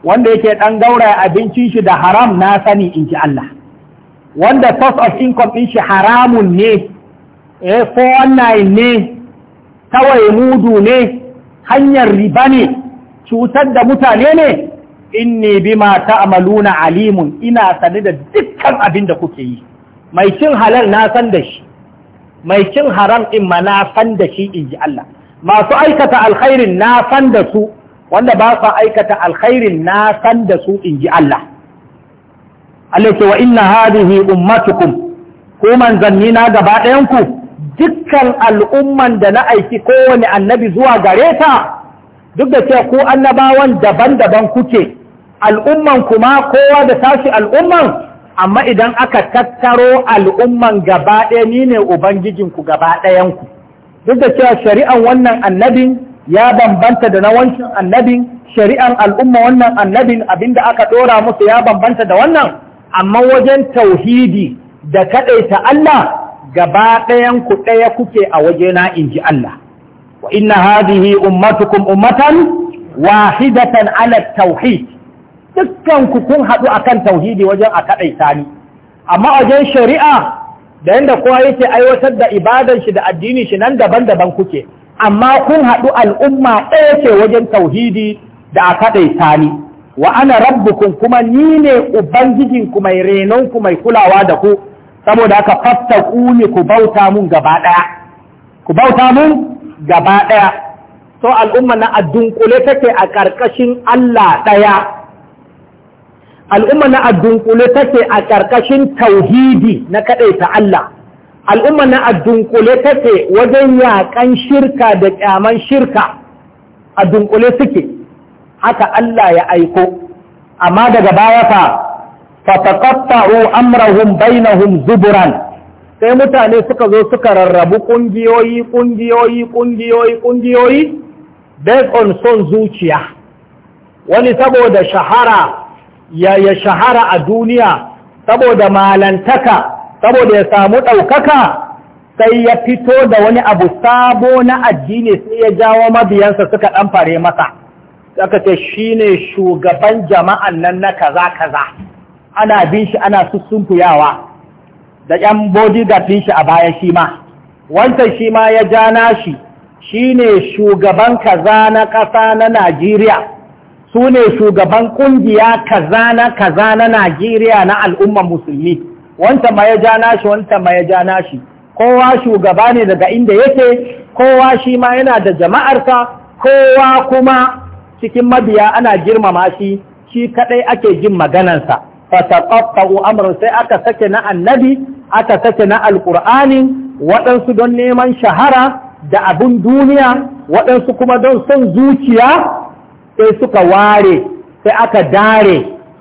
wanda yake dan gauraya abincin shi da haram na sani in ji Allah wanda source of income din shi haramun ne eh 419 ne kawai mudu ne hanyar riba ne cutar da mutane ne inni bima ta'maluna alimun ina sani da dukkan abin da kuke yi mai cin halal na san da shi mai cin haram din ma na san da shi inji Allah masu aikata alkhairin na san da su wanda ba su aikata alkhairin na san da su inji Allah Allah ce wa inna hadhihi ummatukum ko manzanni na gaba ɗayan ku dukkan al'umman da na aiki kowane annabi zuwa gare ta duk da cewa ku annabawan daban-daban kuke al'umman kuma kowa da tashi al'umman amma idan aka tattaro al'umman gaba ɗaya ni ne ubangijinku gaba ɗayanku duk da cewa shari'an wannan annabin ya bambanta da na wancan annabin shari'an al'umma wannan annabin abinda aka ɗora musu ya bambanta da wannan amma wajen tauhidi da kaɗaita Allah gaba ɗayanku ɗaya kuke a wajena in ji Allah wa inna hadhihi ummatukum ummatan wahidatan ala tauhid dukkan ku kun haɗu akan tauhidi wajen a kaɗaita ni amma wajen shari'a da yanda kowa yake aiwatar da ibadan shi da addini shi nan daban-daban kuke amma kun haɗu al'umma ɗaya ce wajen tauhidi da a kaɗaita ni wa ana rabbukum kuma ni ne ubangijin ku mai renon ku mai kulawa da ku saboda haka fattaquni ku bauta mun gaba ɗaya ku bauta mun gaba ɗaya to al'umma na a dunkule take a ƙarƙashin Allah ɗaya al'umma na a dunkule take a ƙarƙashin tauhidi na kaɗaita Allah al'umma na a dunkule take wajen yaƙan shirka da ƙyaman shirka a suke haka Allah ya aiko amma daga baya fa fa ta ƙafta’o amrahum bainahum zuburan sai mutane suka zo suka rarrabu ƙungiyoyi, ƙungiyoyi, ƙungiyoyi, ƙungiyoyi. based on son zuciya wani saboda shahara ya ya shahara a duniya saboda malantaka saboda ya samu ɗaukaka sai ya fito da wani abu sabo na addini sai ya jawo mabiyansa suka ɗan fare masa aka ce shine shugaban jama'an nan na kaza kaza ana bin shi ana sussunfuyawa da ‘yan bodyguard shi a baya shi ma, wancan shi ma ya ja nashi shi ne shugaban kaza na ƙasa na Najeriya, su ne shugaban ƙungiya kaza na kaza na Najeriya na al'umman musulmi, wancan ma ya ja nashi, wancan ma ya ja nashi, kowa shugaba ne daga inda yake, kowa shi ma yana da jama'arsa, kowa kuma cikin mabiya ana girmama shi, shi kaɗai ake jin maganansa. fataqatta'u amrun sai aka sake na annabi aka sake na alqur'ani waɗansu don neman shahara da abun duniya waɗansu kuma don son zuciya sai suka ware sai aka dare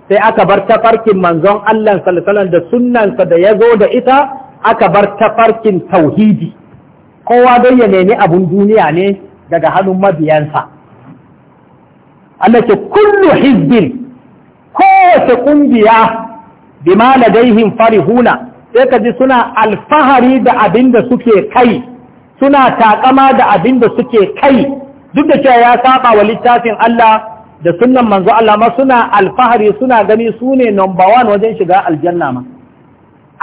sai aka bar tafarkin manzon Allah sallallahu da sunnansa da ya zo da ita aka bar tafarkin tauhidi kowa don ya nemi abun duniya ne daga hannun mabiyansa Allah ce kullu hizbin kowace kungiya bima ladaihim farihuna sai ka ji suna alfahari da abin da suke kai suna takama da abin da suke kai duk da cewa ya saba wa littafin Allah da sunan manzo Allah ma suna alfahari suna gani su ne number one wajen shiga aljanna ma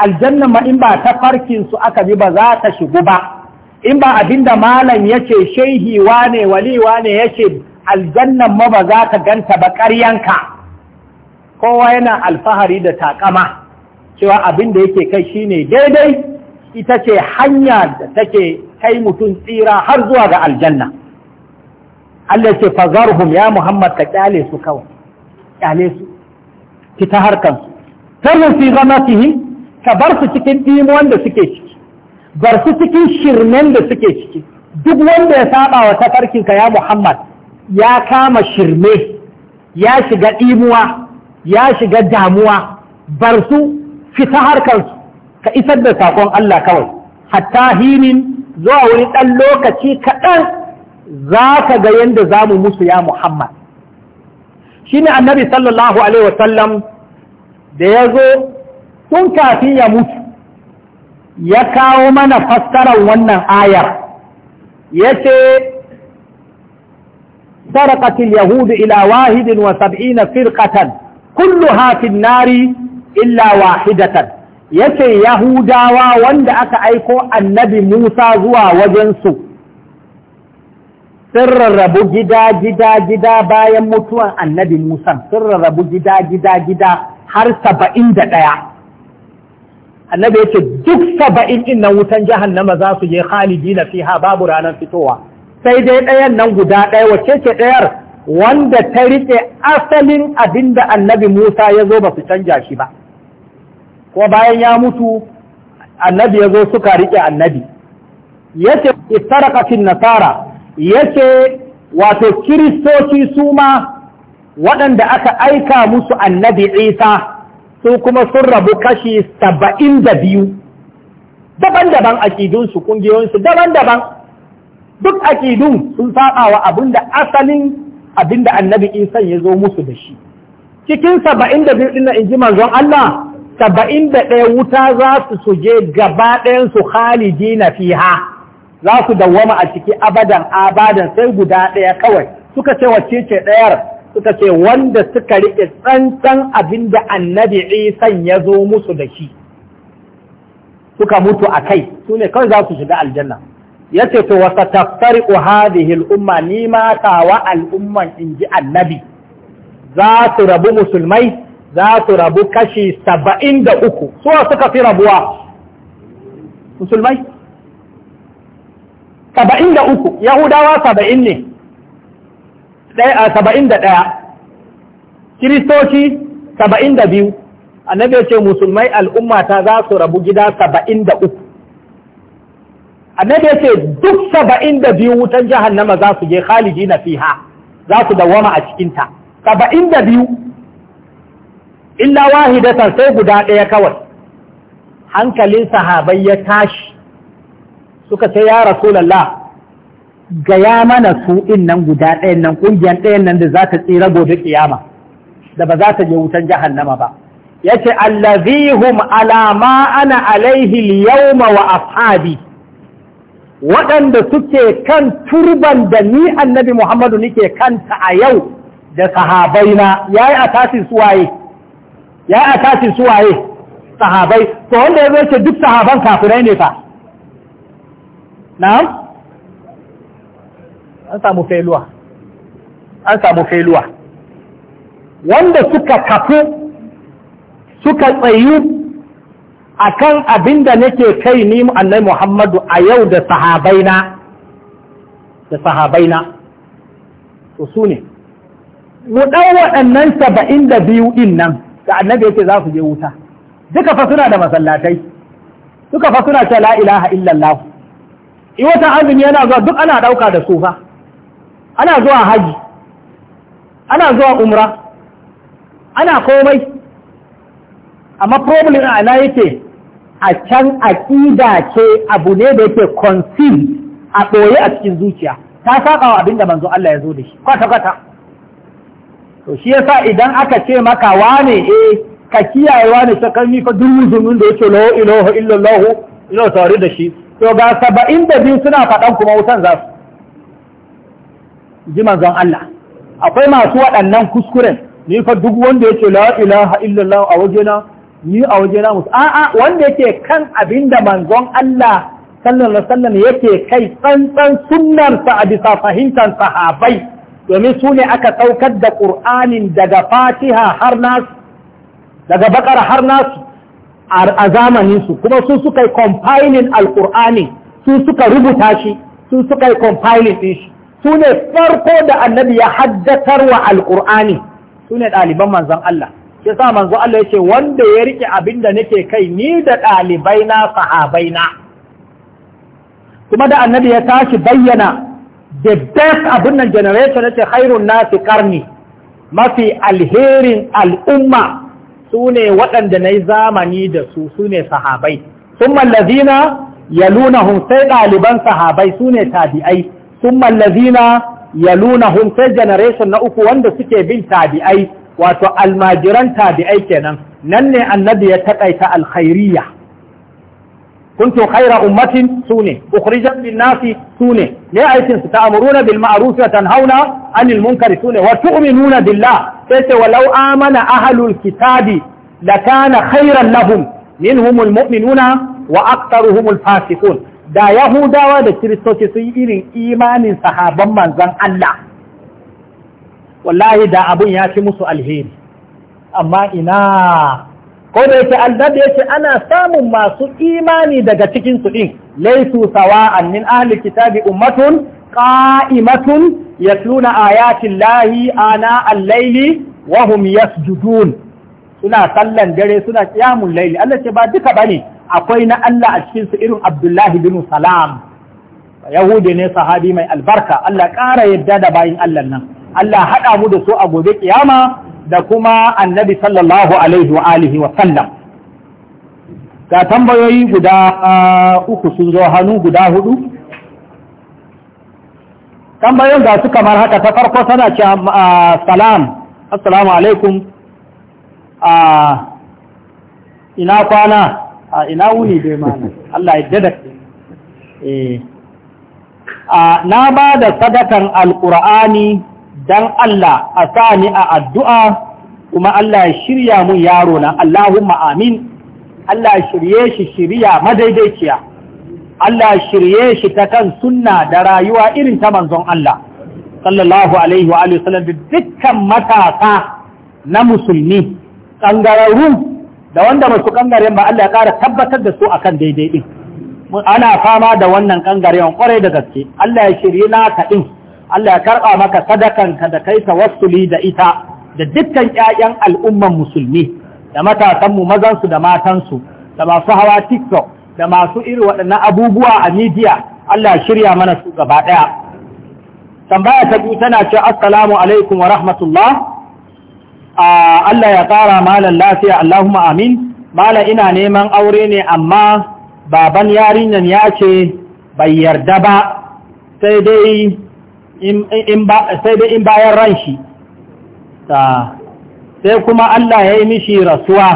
aljanna ma in ba ta farkin su aka bi ba za ta shigo ba in ba da malam yace shehi wane wali wane yace aljannan ma ba za ka ganta ba ka. kowa yana alfahari da takama cewa abin da yake kai shine daidai ita ce hanya da take kai mutum tsira har zuwa ga aljanna Allah ce fazarhum ya Muhammad ka kyale su kawai kyale su ki ta harkan su fi ka bar su cikin dimuwan da suke ciki bar su cikin shirmen da suke ciki duk wanda ya saba wa tafarkin ka ya Muhammad ya kama shirme ya shiga dimuwa ya shiga damuwa bar su fita harkarsu ka isar da sakon Allah kawai hatta hinin zuwa wani ɗan lokaci kaɗan za ka ga yadda za mu musu ya Muhammad shi ne annabi sallallahu alaihi wasallam da ya zo tun kafin ya mutu ya kawo mana fassarar wannan ayar ya ce sarakatil yahudu ila wahidin wa sab'ina firqatan kullu hafin nari illa wahidatan yace yahudawa wanda aka aiko annabi musa zuwa wajensu sun rarrabu gida gida gida bayan mutuwan annabi musa sun rarrabu gida gida gida har saba'in da ɗaya annabi yace duk saba'in inna wutan jahannama za su je khalidi na fiha babu ranar fitowa sai dai ɗayan nan guda ɗaya wacce ce ɗayar wanda ta riƙe asalin abin da annabi Musa ya zo ba su canja shi ba, ko bayan ya mutu annabi ya zo suka riƙe annabi. Yace istarakatin nasara, yace wato kiristoci su ma waɗanda aka aika musu annabi Isa su kuma sun rabu kashi saba'in da biyu, daban-daban akidunsu, ƙungiyoyinsu daban-daban, duk akidun sun saɓa wa abin da asalin abinda annabi Isa ya zo musu da shi cikin saba'in da biyu ɗin in ji manzon Allah saba'in da ɗaya wuta za su suje gaba ɗayan su khalidi na fiha za su dawwama a ciki abadan abadan sai guda ɗaya kawai suka ce wacce ce ɗayar suka ce wanda suka riƙe tsantsan abin da annabi isan ya zo musu da shi suka mutu a kai su ne kawai za su shiga aljanna ya ce to wasa taftari hadhihi al'umma ni ma tawa al'umman in ji annabi za su rabu musulmai za su rabu kashi saba'in da uku suwa suka fi rabuwa musulmai saba'in da uku yahudawa saba'in ne saba'in da ɗaya kiristoci saba'in da biyu annabi ya ce musulmai al'ummata za su rabu gida saba'in da uku annabi yace duk saba'in da biyu wutan jahannama za su je khalidina fiha za su dawama a cikin ta saba'in da biyu illa wahidatan sai guda ɗaya kawai hankalin sahabai ya tashi suka ce ya rasulallah gaya mana su nan guda ɗayan nan ƙungiyar ɗayan nan da za ta tsira gobe kiyama da ba za ta je wutan jahannama ba ya ce allazihum alama ana alaihi yawma wa ashabi waɗanda suke kan turban da ni annabi Muhammadu nike kanta a yau da sahabaina ya yi a tashin suwaye ya yi a tashin suwaye sahabai to wanda ya zai ce duk sahaban kafirai ne fa na'am an samu failuwa an samu failuwa wanda suka kafu suka tsayu akan abin da nake kai ni annai Muhammadu a yau da sahabaina da sahabaina to su ne mu ɗau waɗannan saba'in da biyu ɗin nan da annabi yake za su je wuta duka fa suna da masallatai duka fa suna ta la ilaha illallah in wata azumi yana zuwa duk ana ɗauka da su fa ana zuwa haji ana zuwa umra ana komai amma problem a na yake a can aƙida ce abu ne da yake conceal a ɓoye a cikin zuciya ta saba wa abinda manzo Allah ya zo da shi kwata kwata to shi yasa idan aka ce maka wane e ka kiyaye wane ta kan fa durmin zumin da yake la ilaha illallah ina tare da shi to ga saba'in da biyu suna faɗan kuma wutan za su ji manzon Allah akwai masu waɗannan kuskuren ni fa duk wanda yake la ilaha illallah a wajena ni a waje na musu a'a wanda yake kan abinda manzon Allah sallallahu alaihi wasallam yake kai tsantsan sunnar sa a bisa fahimtar sahabai domin su ne aka saukar da Qur'anin daga Fatiha har nasu daga Bakara har nasu a zamanin su kuma su suka yi compiling al su suka rubuta shi su suka yi compiling din shi su ne farko da annabi ya haddatar wa al su ne ɗaliban manzon Allah ya sa manzo Allah ya ce wanda ya rike abin da nake kai ni da ɗalibai na sahabai na kuma da annabi ya tashi bayyana the best abin nan generation yace khairun nasi karni mafi alherin al'umma su ne waɗanda na yi zamani da su su ne sahabai sun mallazina yalunahum sai ɗaliban sahabai su ne tabi'ai sun mallazina yalunahum sai generation na uku wanda suke bin tabi'ai wato almajiran tabi'ai kenan nan ne annabi ya taƙaita alkhairiyya kuntum khaira ummatin sune ukhrijat lin nasi sune ne aikin su ta'muruna bil ma'ruf wa tanhauna 'anil munkari sune wa tu'minuna billah sai ce walau amana ahlul kitabi lakana khairan lahum minhumul mu'minuna wa aktharuhumul fasikun? da yahudawa da kiristoci sun irin imanin sahaban manzon Allah wallahi da abun ya fi musu alheri amma ina ko da yake annabi yake ana samun masu imani daga cikin su din laisu sawa'an min ahli kitabi ummatun qa'imatun yatluna ayati llahi ana al-layli wa hum yasjudun suna sallan dare suna qiyamul layli Allah ce ba duka bane akwai na Allah a cikin su irin Abdullahi bin Salam Yahudi ne sahabi mai albarka Allah ƙara yadda da bayin Allah nan Allah haɗa mu da su a gobe ƙiyama da kuma annabi sallallahu alaihi wa alihi wa sallam ga tambayoyi guda uh, uku sun zo hannu guda hudu tambayoyin ga su kamar haka ta farko tana ce uh, salam assalamu alaikum uh, ina kwana ina wuni dai mana Allah ya dada eh, na ba da al alqur'ani dan Allah a sani a addu'a kuma Allah ya shirya mun yaro na Allahumma amin Allah shirye shi shirya madaidaiciya Allah shirye shi ta kan sunna da rayuwa irin ta manzon Allah sallallahu alaihi wa alihi dukkan matasa na musulmi kangararru da wanda masu su kangare ba Allah ya ƙara tabbatar da su akan daidai din ana fama da wannan ƙangaren kwarai da gaske Allah ya shirye na ka Allah ya karɓa maka sadakanka da kai tawassuli da ita da dukkan ƴaƴan al'umman musulmi da matasanmu mazansu da matansu da masu hawa TikTok da masu irin waɗannan abubuwa a midiya Allah shirya mana su gaba ɗaya. Tambaya ta biyu tana ce Assalamu alaikum wa rahmatullah. Allah ya ƙara malan lafiya Allahumma amin. Mala ina neman aure ne amma baban yarinyan ya ce bai yarda ba sai dai sai dai in bayan ran shi sai kuma Allah ya yi mishi rasuwa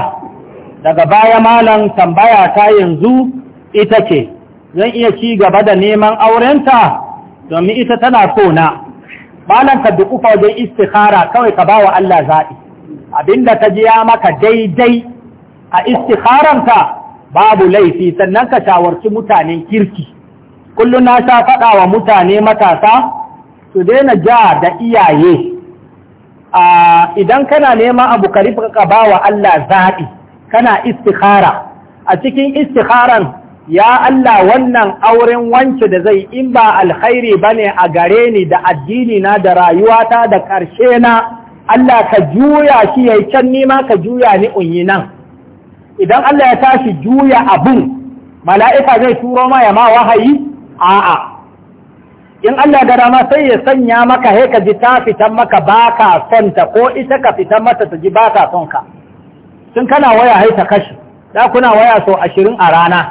daga baya malam tambaya ta yanzu ita ce zan iya ci gaba da neman aurenta domin ita tana so na malam ka dukufa wajen istihara kawai ka bawa Allah zaɓi abinda ta ji ya maka daidai a istiharanta babu laifi sannan ka shawarci mutanen kirki kullum na sha faɗa wa mutane matasa su daina ja da iyaye idan kana nema abu ka ba wa Allah zaɓi kana istihara a cikin istiharan ya Allah wannan auren wance da zai in ba alkhairi ba ne a gare ni da addini na da rayuwata da ƙarshe na Allah ka juya shi ya yi can nima ka juya ni unyi nan idan Allah ya tashi juya abun mala'ika zai turo ma ya ma wahayi a'a in Allah da rama sai ya sanya maka he ka ji ta fitan maka baka son ta ko ita ka fita mata ta ji ka son ka tun kana waya hai ta kashi da kuna waya sau ashirin a rana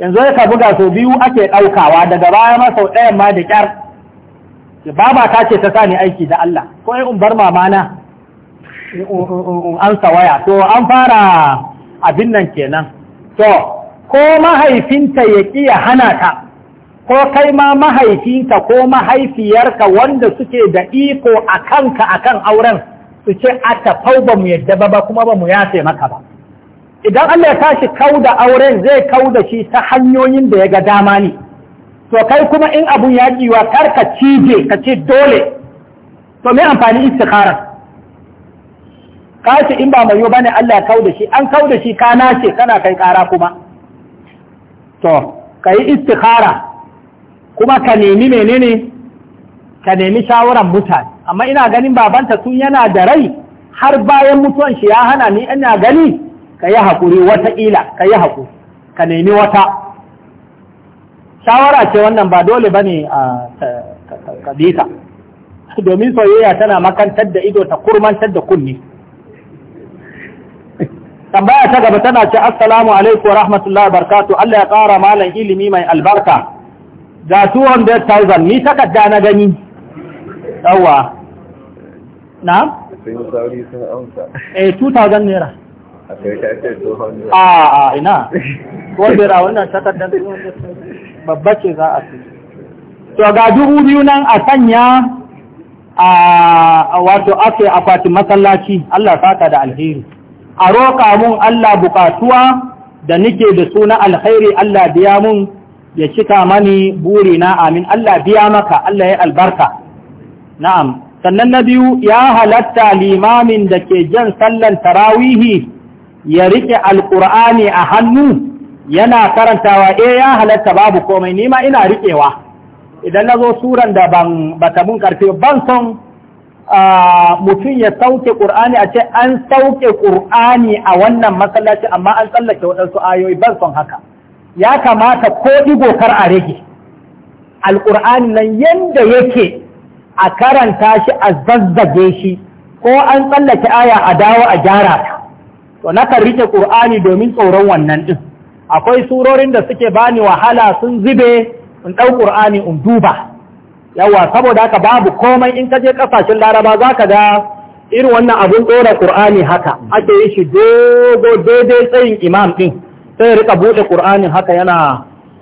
yanzu ya ka buga sau biyu ake ɗaukawa daga baya ma sau ɗayan ma da ƙyar baba ta ce ta sa ni aiki da Allah ko in bar mamana an sa waya to an fara abin nan kenan to ko mahaifinta ya ƙi ya hana ta ko kai ma mahaifinka ko mahaifiyarka wanda suke da iko a kanka a kan auren su ce a tafau ba mu yadda ba kuma ba mu yafe maka ba idan Allah ya tashi kau da auren zai kau da shi ta hanyoyin da ya ga dama ne to kai kuma in abun ya kiwa kar ka cije ka ce dole to me amfani istikhara kashi in ba mai bane Allah ya kau da shi an kau da shi ka nace kana kai kara kuma to ka yi istikhara kuma ka nemi menene ka nemi shawaran mutane amma ina ganin babanta tun yana da rai har bayan mutuwan shi ya hana ni ina gani ka yi haƙuri wataƙila ka yi haƙuri ka nemi wata shawara ce wannan ba dole ba ne a kabita [laughs] domin soyayya tana makantar da ido ta kurmantar da kunni [laughs] tambaya ta gaba tana ce assalamu alaikum wa rahmatullahi barkatu Allah ya ƙara malam ilimi mai albarka ga 200,000 ni takarda na gani ɗauwa na? sun eh 2,000 naira a kai ta ce 200 a a ina wanda ra wannan takardar babba ce za a su to ga dubu biyu nan a sanya a wato ake akwatin masallaci Allah saka da alheri a roƙa mun Allah buƙatuwa da nike da suna alheri Allah biya mun ya cika mani buri na amin Allah biya maka Allah ya albarka na'am sannan na biyu ya halatta limamin da ke jan sallan tarawihi ya rike alkur'ani a hannu yana karantawa eh ya halatta babu komai nima ina rikewa idan na zo suran da ban bata mun karfe ban son mutum ya sauke ƙur'ani a ce an sauke ƙur'ani a wannan masallaci amma an tsallake waɗansu ayoyi ban son haka ya kamata ko ɗigo kar a rage alƙur'ani nan yadda yake a karanta shi a zazzage shi ko an tsallake aya a dawo a gyara ta to na kan rike ƙur'ani domin tsoron wannan ɗin akwai surorin da suke bani wahala sun zube in ɗau ƙur'ani in duba yawa saboda haka babu komai in kaje ƙasashen laraba za ka ga irin wannan abun ɗora ƙur'ani haka ake yi shi dogo daidai tsayin imam ɗin sai rika buɗe ƙur'anin haka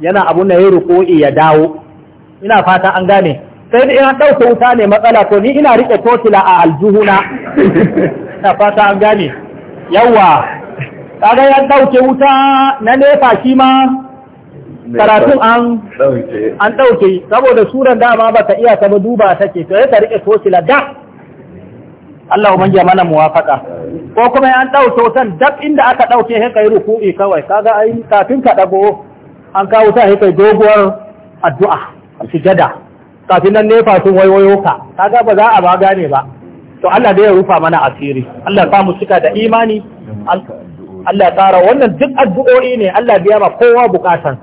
yana abu na yi ya ya dawo ina fata an gane sai da ina ɗauke wuta ne matsala to ni ina riƙe totila a aljuhuna ina fata an gane yawa kaga ya ɗauke wuta na nefa shi ma karatun an an ɗauke saboda suran dama ba ta iya sama duba take to ya ta riƙe totila da Allah ubangiji mana muwafaka ko kuma an ɗauke wutan dab inda aka ɗauke sai kai ruku'i kawai kaga ai kafin ka ɗago an kawo ta sai doguwar addu'a sujada kafin nan nefa sun waiwayo ka kaga ba za a ba gane ba to Allah da ya rufa mana asiri Allah ya samu cika da imani Allah ya tsara wannan duk addu'o'i ne Allah biya ma kowa ka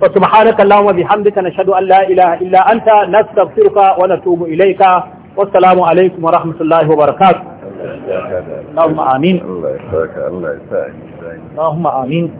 wa subhanaka allahumma bihamdika nashhadu an la ilaha illa anta nastaghfiruka wa natubu ilayka wassalamu alaikum wa rahmatullahi wa barakatuh اللهم آمين الله يسعدك الله يسعدك اللهم آمين